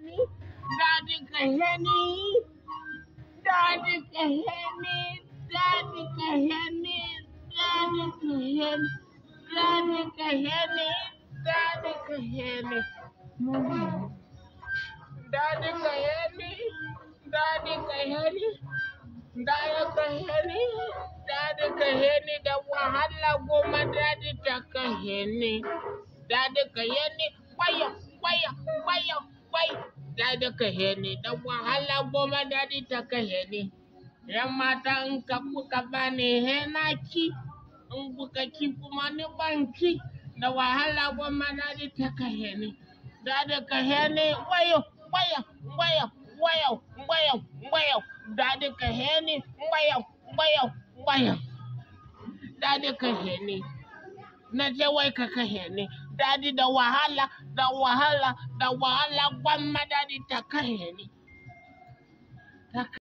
dad kahani dad kahani dad kahani dad kahani dad kahani dad kahani dad kahani dad kahani dad kahani dad kahani da wahala goma dad ta kahani dad kahani daɗi ka hene, dan wahala goma daɗi ta ka hene, yan mata in ka kuka bani hena ki in kuka ki kuma ni banki da wahala goma ta ka hene. daɗi ka hene, wayo wayo wayo wayo wayo wayo daɗi ka hene, wayo wayo wayo daɗi ka heni. na je wai ka kahe ni dadi da wahala da wahala da wahala gwamma dadi ta kahe